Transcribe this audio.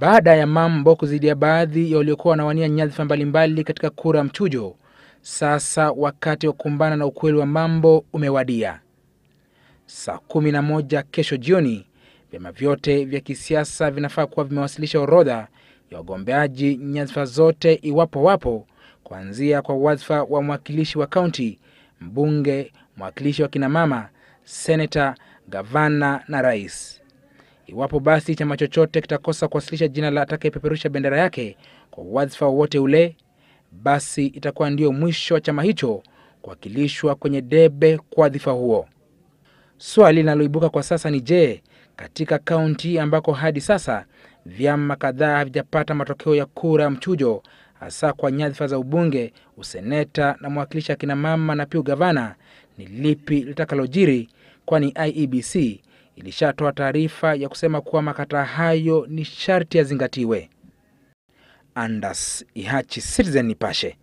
Baada ya mambo kuzidia baadhi ya waliokuwa wanawania nyadhifa mbalimbali katika kura mchujo, sasa wakati wa kukumbana na ukweli wa mambo umewadia. Saa kumi na moja kesho jioni, vyama vyote vya kisiasa vinafaa kuwa vimewasilisha orodha ya wagombeaji nyadhifa zote iwapo wapo, kuanzia kwa wadhifa wa mwakilishi wa kaunti, mbunge, mwakilishi wa kinamama, seneta, gavana na rais. Iwapo basi chama chochote kitakosa kuwasilisha jina la atakayepeperusha bendera yake kwa wadhifa wowote ule, basi itakuwa ndio mwisho wa chama hicho kuwakilishwa kwenye debe kwa wadhifa huo. Swali linaloibuka kwa sasa ni je, katika kaunti ambako hadi sasa vyama kadhaa havijapata matokeo ya kura ya mchujo, hasa kwa nyadhifa za ubunge, useneta na mwakilishi akina mama na pia ugavana, ni lipi litakalojiri? Kwani IEBC ilishatoa taarifa ya kusema kuwa makataa hayo ni sharti yazingatiwe. Andas Ihachi, Citizen Nipashe.